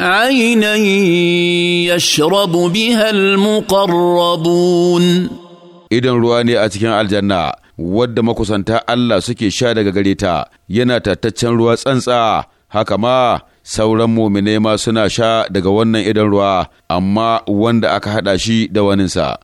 عينا يشرب بها المقربون idan ruwa ne a cikin aljanna wadda makusanta Allah suke sha daga gare ta yana tattaccen ruwa tsantsa haka ma sauran muminai ma suna sha daga wannan idan ruwa amma wanda aka haɗa shi da waninsa.